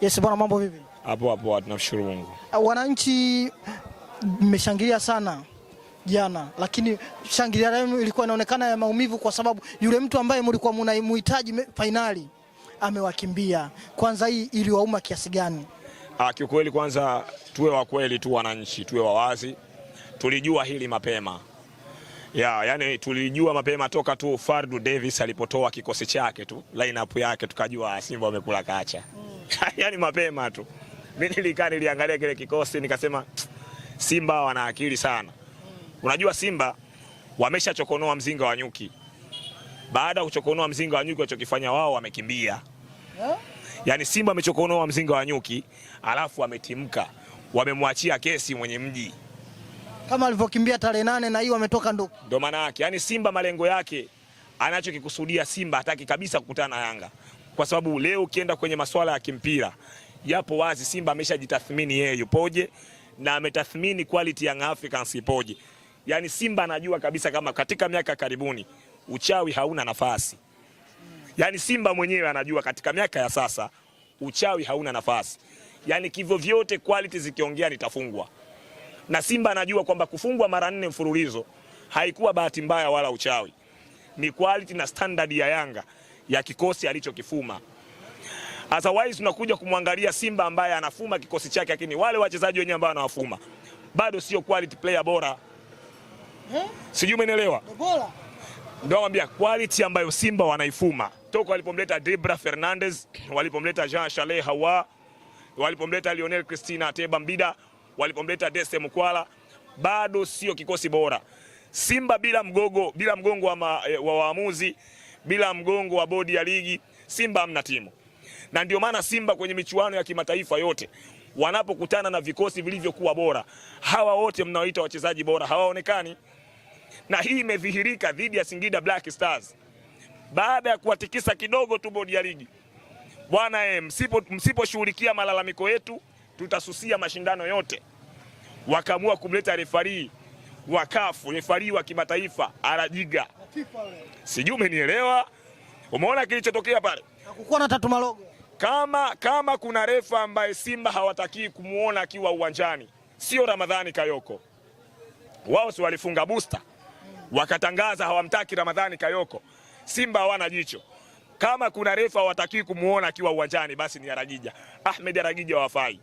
Yes bwana, mambo vipi? Hapo hapo, tunamshukuru Mungu. Eh, wananchi mmeshangilia sana jana, lakini shangilia yenu ilikuwa inaonekana ya maumivu, kwa sababu yule mtu ambaye mlikuwa mnamhitaji fainali amewakimbia. Kwanza hii iliwauma kiasi gani? Ah, kiukweli, kwanza tuwe wa kweli tu, wananchi tuwe wawazi, tulijua hili mapema ya, yani tulijua mapema toka tu Fardu Davis alipotoa kikosi chake tu lineup yake, tukajua Simba wamekula kacha. yani mapema tu mimi nilikaa niliangalia kile kikosi nikasema Simba wana akili sana. Unajua Simba wameshachokonoa mzinga wa nyuki. Baada ya kuchokonoa mzinga wa nyuki wachokifanya wao wamekimbia. Yaani Simba amechokonoa mzinga wa nyuki, alafu wametimka. Wamemwachia kesi mwenye mji. Kama alivyokimbia tarehe nane na hiyo wametoka ndo. Ndio maana yake. Yaani Simba malengo yake anachokikusudia Simba hataki kabisa kukutana na Yanga kwa sababu leo ukienda kwenye masuala ya kimpira yapo wazi, Simba ameshajitathmini yeye yupoje na ametathmini quality ya Young Africans ipoje. Yani Simba anajua kabisa kama katika miaka karibuni uchawi hauna nafasi. Yani Simba mwenyewe anajua katika miaka ya sasa uchawi hauna nafasi. Yani kivyo vyote quality zikiongea nitafungwa. Na Simba anajua kwamba kufungwa mara nne mfululizo haikuwa bahati mbaya wala uchawi. Ni quality na standard ya Yanga ya kikosi alichokifuma. Otherwise tunakuja kumwangalia Simba ambaye anafuma kikosi chake, lakini wale wachezaji wenyewe ambao anawafuma bado sio quality player bora, sijui umeelewa? Ndio naambia quality ambayo Simba wanaifuma toka walipomleta Debra Fernandez, walipomleta Jean Chale Hawa, walipomleta Lionel Cristina Ateba Mbida, walipomleta Dese Mkwala, bado sio kikosi bora. Simba bila mgogo, bila mgongo wa eh, waamuzi wa bila mgongo wa bodi ya ligi, Simba hamna timu. Na ndio maana Simba kwenye michuano ya kimataifa yote wanapokutana na vikosi vilivyokuwa bora, hawa wote mnaoita wachezaji bora hawaonekani, na hii imedhihirika dhidi ya Singida Black Stars baada ya kuwatikisa kidogo tu bodi ya ligi. Bwana eh, msipo msiposhughulikia malalamiko yetu tutasusia mashindano yote. Wakaamua kumleta refari wakafu refari wa kimataifa Arajiga Sijui umenielewa? Umeona kilichotokea pale? Hakukuwa na tatu malogo. Kama kama kuna refa ambaye Simba hawatakii kumuona akiwa uwanjani, sio Ramadhani Kayoko. Wao si walifunga booster wakatangaza hawamtaki Ramadhani Kayoko. Simba hawana jicho. Kama kuna refa hawatakii kumuona akiwa uwanjani, basi ni Aragija. Ahmed Aragija wafai,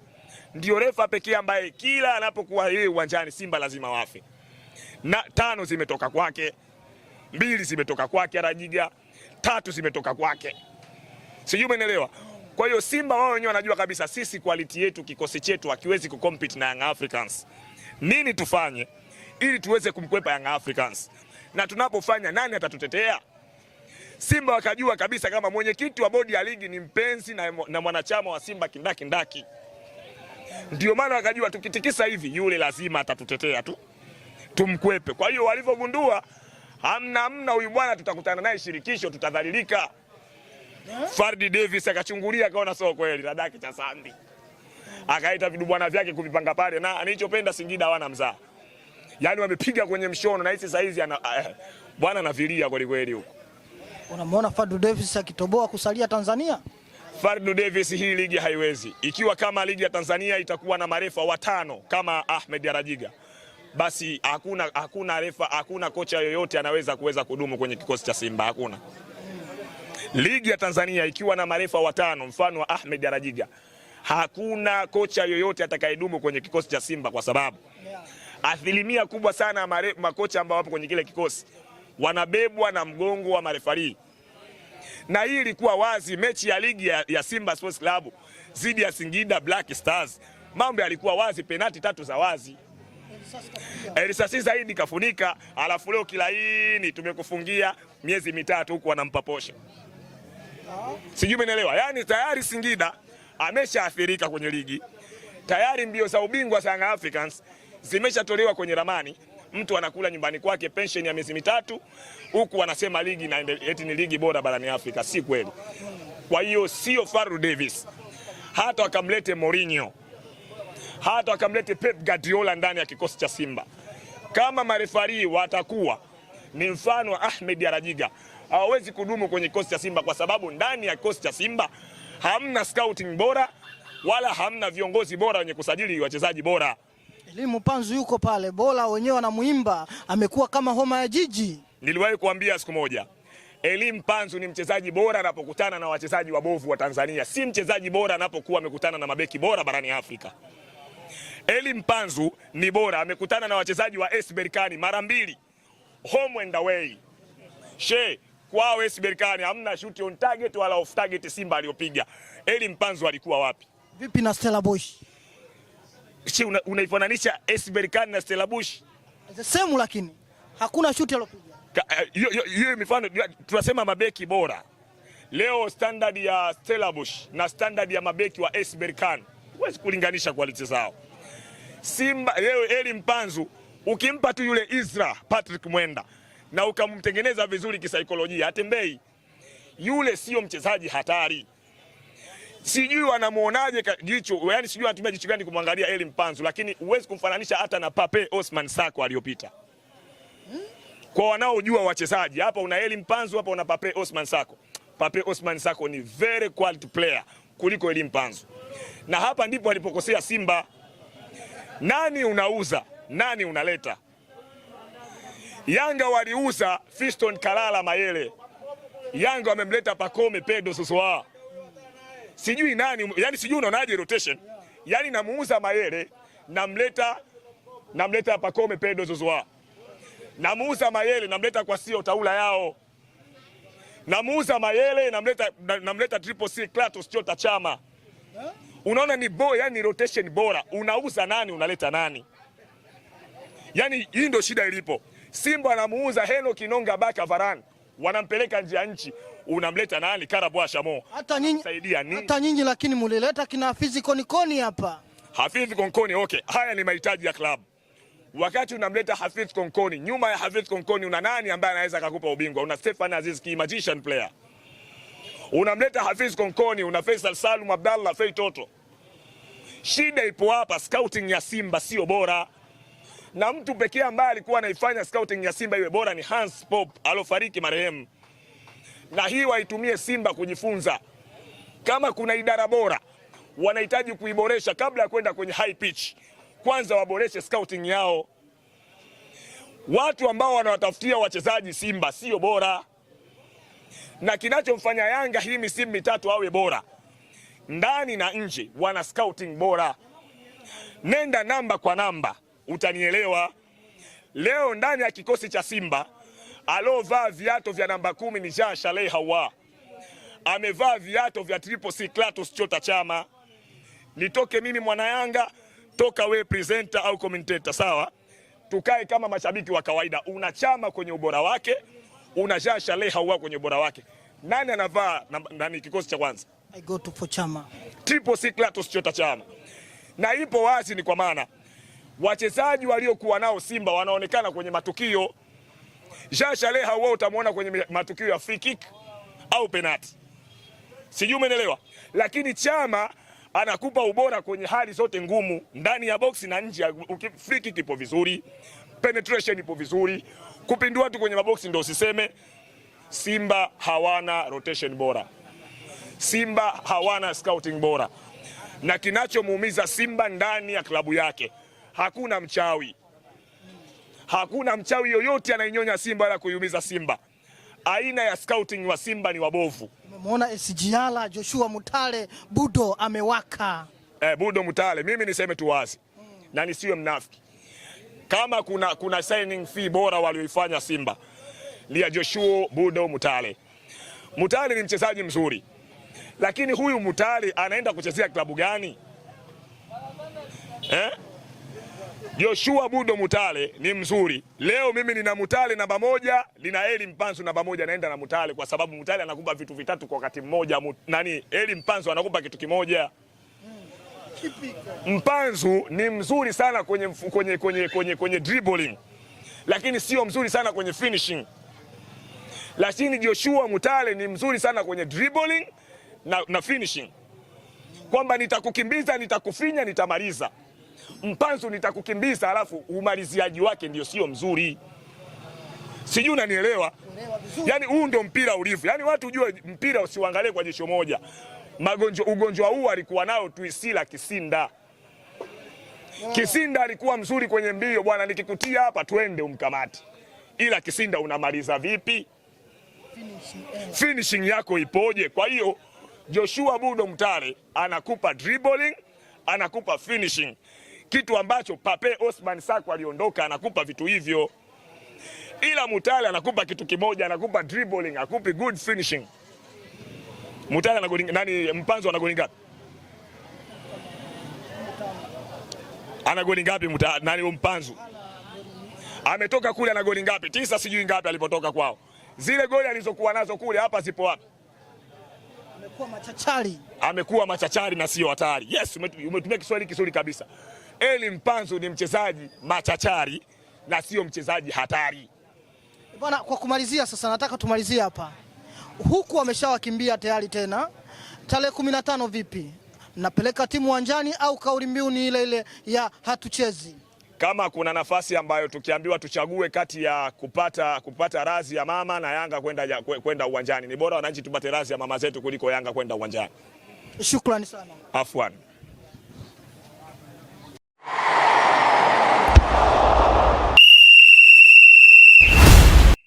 ndio refa pekee ambaye kila anapokuwa yeye uwanjani Simba lazima wafe, na tano zimetoka kwake mbili zimetoka kwake Arajiga, tatu zimetoka kwake, sijui umeelewa. Kwa hiyo Simba wao wenyewe wanajua kabisa sisi quality yetu, kikosi chetu hakiwezi kucompete na Young Africans. Nini tufanye ili tuweze kumkwepa Young Africans? Na tunapofanya nani atatutetea? Simba wakajua kabisa kama mwenyekiti wa bodi ya ligi ni mpenzi na, na mwanachama wa Simba kindakindaki, ndio maana wakajua tukitikisa hivi yule lazima atatutetea tu, tumkwepe. Kwa hiyo walivyogundua hamna hamna, huyu bwana tutakutana naye shirikisho, tutadhalilika. Fardi Davis akachungulia akaona sio kweli, radaki cha sambi akaita vidubwana vyake kuvipanga pale, na anichopenda Singida hawana mzaa, yaani wamepiga kwenye mshono na hisi saizi ana eh, bwana anavilia kweli kweli huko. Unamwona Fardu Davis akitoboa kusalia Tanzania. Fardu Davis hii ligi haiwezi. Ikiwa kama ligi ya Tanzania itakuwa na marefa watano kama Ahmed Arajiga basi hakuna hakuna refa hakuna kocha yoyote anaweza kuweza kudumu kwenye kikosi cha Simba. Hakuna ligi ya Tanzania ikiwa na marefa watano mfano wa Ahmed Arajiga, hakuna kocha yoyote atakayedumu kwenye kikosi cha Simba kwa sababu asilimia kubwa sana ya makocha ambao wapo kwenye kile kikosi wanabebwa na mgongo wa marefarii, na hii ilikuwa wazi mechi ya ligi ya, ya Simba Sports Club dhidi ya Singida Black Stars. Mambo yalikuwa wazi, penati tatu za wazi Elisasi zaidi kafunika, alafu leo kilaini tumekufungia miezi mitatu huku wanampa posho, sijui umeelewa? Yaani tayari Singida ameshaathirika kwenye ligi tayari, mbio za ubingwa za Young Africans zimeshatolewa kwenye ramani. Mtu anakula nyumbani kwake pension ya miezi mitatu, huku wanasema ligi na eti ni ligi bora barani Afrika. Si kweli. Kwa hiyo sio Faru Davis, hata wakamlete Mourinho hata wakamlete Pep Guardiola ndani ya kikosi cha Simba. Kama marefarii watakuwa ni mfano wa Ahmed Arajiga, hawawezi kudumu kwenye kikosi cha Simba, kwa sababu ndani ya kikosi cha Simba hamna scouting bora wala hamna viongozi bora wenye kusajili wachezaji bora. Elimu Panzu yuko pale, bora wenyewe anamuimba, amekuwa kama homa ya jiji. Niliwahi kuambia siku moja Elim Panzu ni mchezaji bora anapokutana na wachezaji wabovu wa Tanzania, si mchezaji bora anapokuwa amekutana na mabeki bora barani Afrika. Eli Mpanzu ni bora, amekutana na wachezaji wa AS Berkane mara mbili home and away. She kwao AS Berkane hamna shoot on target wala off target Simba aliyopiga. Eli Mpanzu alikuwa wapi? Vipi na Stella Bush? Si una, unaifananisha AS Berkane na Stella Bush? Same lakini hakuna shoot aliyopiga. Eh, hiyo mifano tunasema mabeki bora. Leo standard ya Stella Bush na standard ya mabeki wa AS Berkane huwezi kulinganisha quality zao. Simba leo Eli Mpanzu ukimpa tu yule Isra Patrick Mwenda na ukamtengeneza vizuri kisaikolojia, atembei yule, sio mchezaji hatari. Sijui wanamuonaje jicho, yani sijui anatumia jicho gani kumwangalia Eli Mpanzu, lakini huwezi kumfananisha hata na Pape Osman Sako aliyopita. Kwa wanaojua wachezaji hapa, una Eli Mpanzu hapa, una Pape Osman Sako. Pape Osman Sako ni very quality player kuliko Eli Mpanzu, na hapa ndipo alipokosea Simba. Nani unauza? Nani unaleta? Yanga waliuza Fiston Kalala Mayele, Yanga wamemleta Pakome Pedro Sosoa, sijui nani, yani sijui unaonaje rotation? Yani namuuza Mayele, namleta namleta Pakome Pedro Sosoa, namuuza Mayele, namleta kwa sio taula yao, namuuza Mayele, namleta namleta Triple C Clatos Chota Chama Unaona ni bo, yani rotation bora, unauza nani unaleta nani. Yani hii ndio shida ilipo. Simba anamuuza Heno Kinonga Baka Varan, wanampeleka nje ya nchi, unamleta nani? Karabwa Shamo. Hata nyinyi saidia nini? Hata nyinyi lakini mulileta kina Hafidh Konkoni hapa. Hafidh Konkoni, okay, haya ni mahitaji ya klabu. Wakati unamleta Hafidh Konkoni, nyuma ya Hafidh Konkoni una nani ambaye anaweza akakupa ubingwa? Una Stefan Aziz Ki, magician player unamleta Hafiz Konkoni, una Faisal Salum Abdallah, Fei Toto. Shida ipo hapa, scouting ya Simba sio bora, na mtu pekee ambaye alikuwa anaifanya scouting ya Simba iwe bora ni Hans Pop alofariki marehemu, na hii waitumie Simba kujifunza. Kama kuna idara bora wanahitaji kuiboresha kabla ya kwenda kwenye high pitch. Kwanza waboreshe scouting yao. Watu ambao wanawatafutia wachezaji Simba sio bora na kinachomfanya Yanga hii misimu mitatu awe bora ndani na nje, wana scouting bora. Nenda namba kwa namba utanielewa. Leo ndani ya kikosi cha Simba alovaa viato vya namba kumi ni Jean Shalei Hawa, amevaa viato vya triple C Clatous Chota Chama. Nitoke mimi mwana Yanga, toka we presenter au commentator, sawa? Tukae kama mashabiki wa kawaida, una Chama kwenye ubora wake unajaa Shalehe hauwa kwenye ubora wake. Nani anavaa ndani kikosi cha kwanza? I go to for Chama. Triple Clatous Chota Chama. Na ipo wazi ni kwa maana wachezaji waliokuwa nao Simba wanaonekana kwenye matukio. Jean Charles hauwa utamwona kwenye matukio ya free kick au penalti. Sijui umeelewa. Lakini Chama anakupa ubora kwenye hali zote ngumu ndani ya boksi na nje. Free kick ipo vizuri, penetration ipo vizuri, kupindua tu kwenye maboksi ndio usiseme. Simba hawana rotation bora, Simba hawana scouting bora, na kinachomuumiza Simba ndani ya klabu yake hakuna mchawi, hakuna mchawi yoyote anainyonya Simba wala kuiumiza Simba. Aina ya scouting wa Simba ni wabovu. Umemwona SGR Joshua Mutale, Budo amewaka. Eh, Budo Mutale, mimi niseme tu wazi mm, na nisiwe mnafiki kama kuna, kuna signing fee bora walioifanya Simba ni ya Joshua Budo Mutale. Mutale ni mchezaji mzuri, lakini huyu Mutale anaenda kuchezea klabu gani eh? Joshua Budo Mutale ni mzuri. Leo mimi nina Mutale namba moja, nina Eli Mpanzu namba moja, naenda na Mutale kwa sababu Mutale anakupa vitu vitatu kwa wakati mmoja. Nani Eli Mpanzu anakupa kitu kimoja. Mpanzu ni mzuri sana kwenye, kwenye, kwenye, kwenye, kwenye dribbling lakini sio mzuri sana kwenye finishing, lakini Joshua Mutale ni mzuri sana kwenye dribbling na, na finishing, kwamba nitakukimbiza, nitakufinya, nitamaliza. Mpanzu nitakukimbiza, alafu umaliziaji wake ndio sio mzuri. Sijui unanielewa? Yaani huu ndio mpira ulivyo. Yani watu ujue mpira usiuangalie kwa jicho moja magonjwa, ugonjwa huu alikuwa nao Tuisila Kisinda. Kisinda alikuwa mzuri kwenye mbio, bwana, nikikutia hapa twende umkamati, ila Kisinda unamaliza vipi? Eh. Finishing yako ipoje? Kwa hiyo Joshua Budo Mtare anakupa dribbling, anakupa finishing, kitu ambacho Pape Osman Sako aliondoka anakupa vitu hivyo, ila Mtare anakupa kitu kimoja, anakupa dribbling, akupi good finishing. Mutala na goli nani? Mpanzo ana goli ngapi? Ana goli ngapi Mutala? Nani Mpanzo? Ametoka kule ana goli ngapi? Tisa sijui ngapi alipotoka kwao. Zile goli alizokuwa nazo kule hapa zipo wapi? Amekuwa machachari. Amekuwa machachari na sio hatari. Yes, umetumia Kiswahili kizuri kabisa. Eli Mpanzo ni mchezaji machachari na sio mchezaji hatari. Bwana, kwa kumalizia sasa nataka tumalizie hapa huku wameshawakimbia tayari. Tena tarehe kumi na tano vipi, napeleka timu uwanjani au kauli mbiu ni ile ile ya hatuchezi? Kama kuna nafasi ambayo tukiambiwa tuchague kati ya kupata, kupata radhi ya mama na Yanga kwenda kwenda uwanjani, ni bora wananchi tupate radhi ya mama zetu kuliko Yanga kwenda uwanjani. Shukrani sana, Afwani.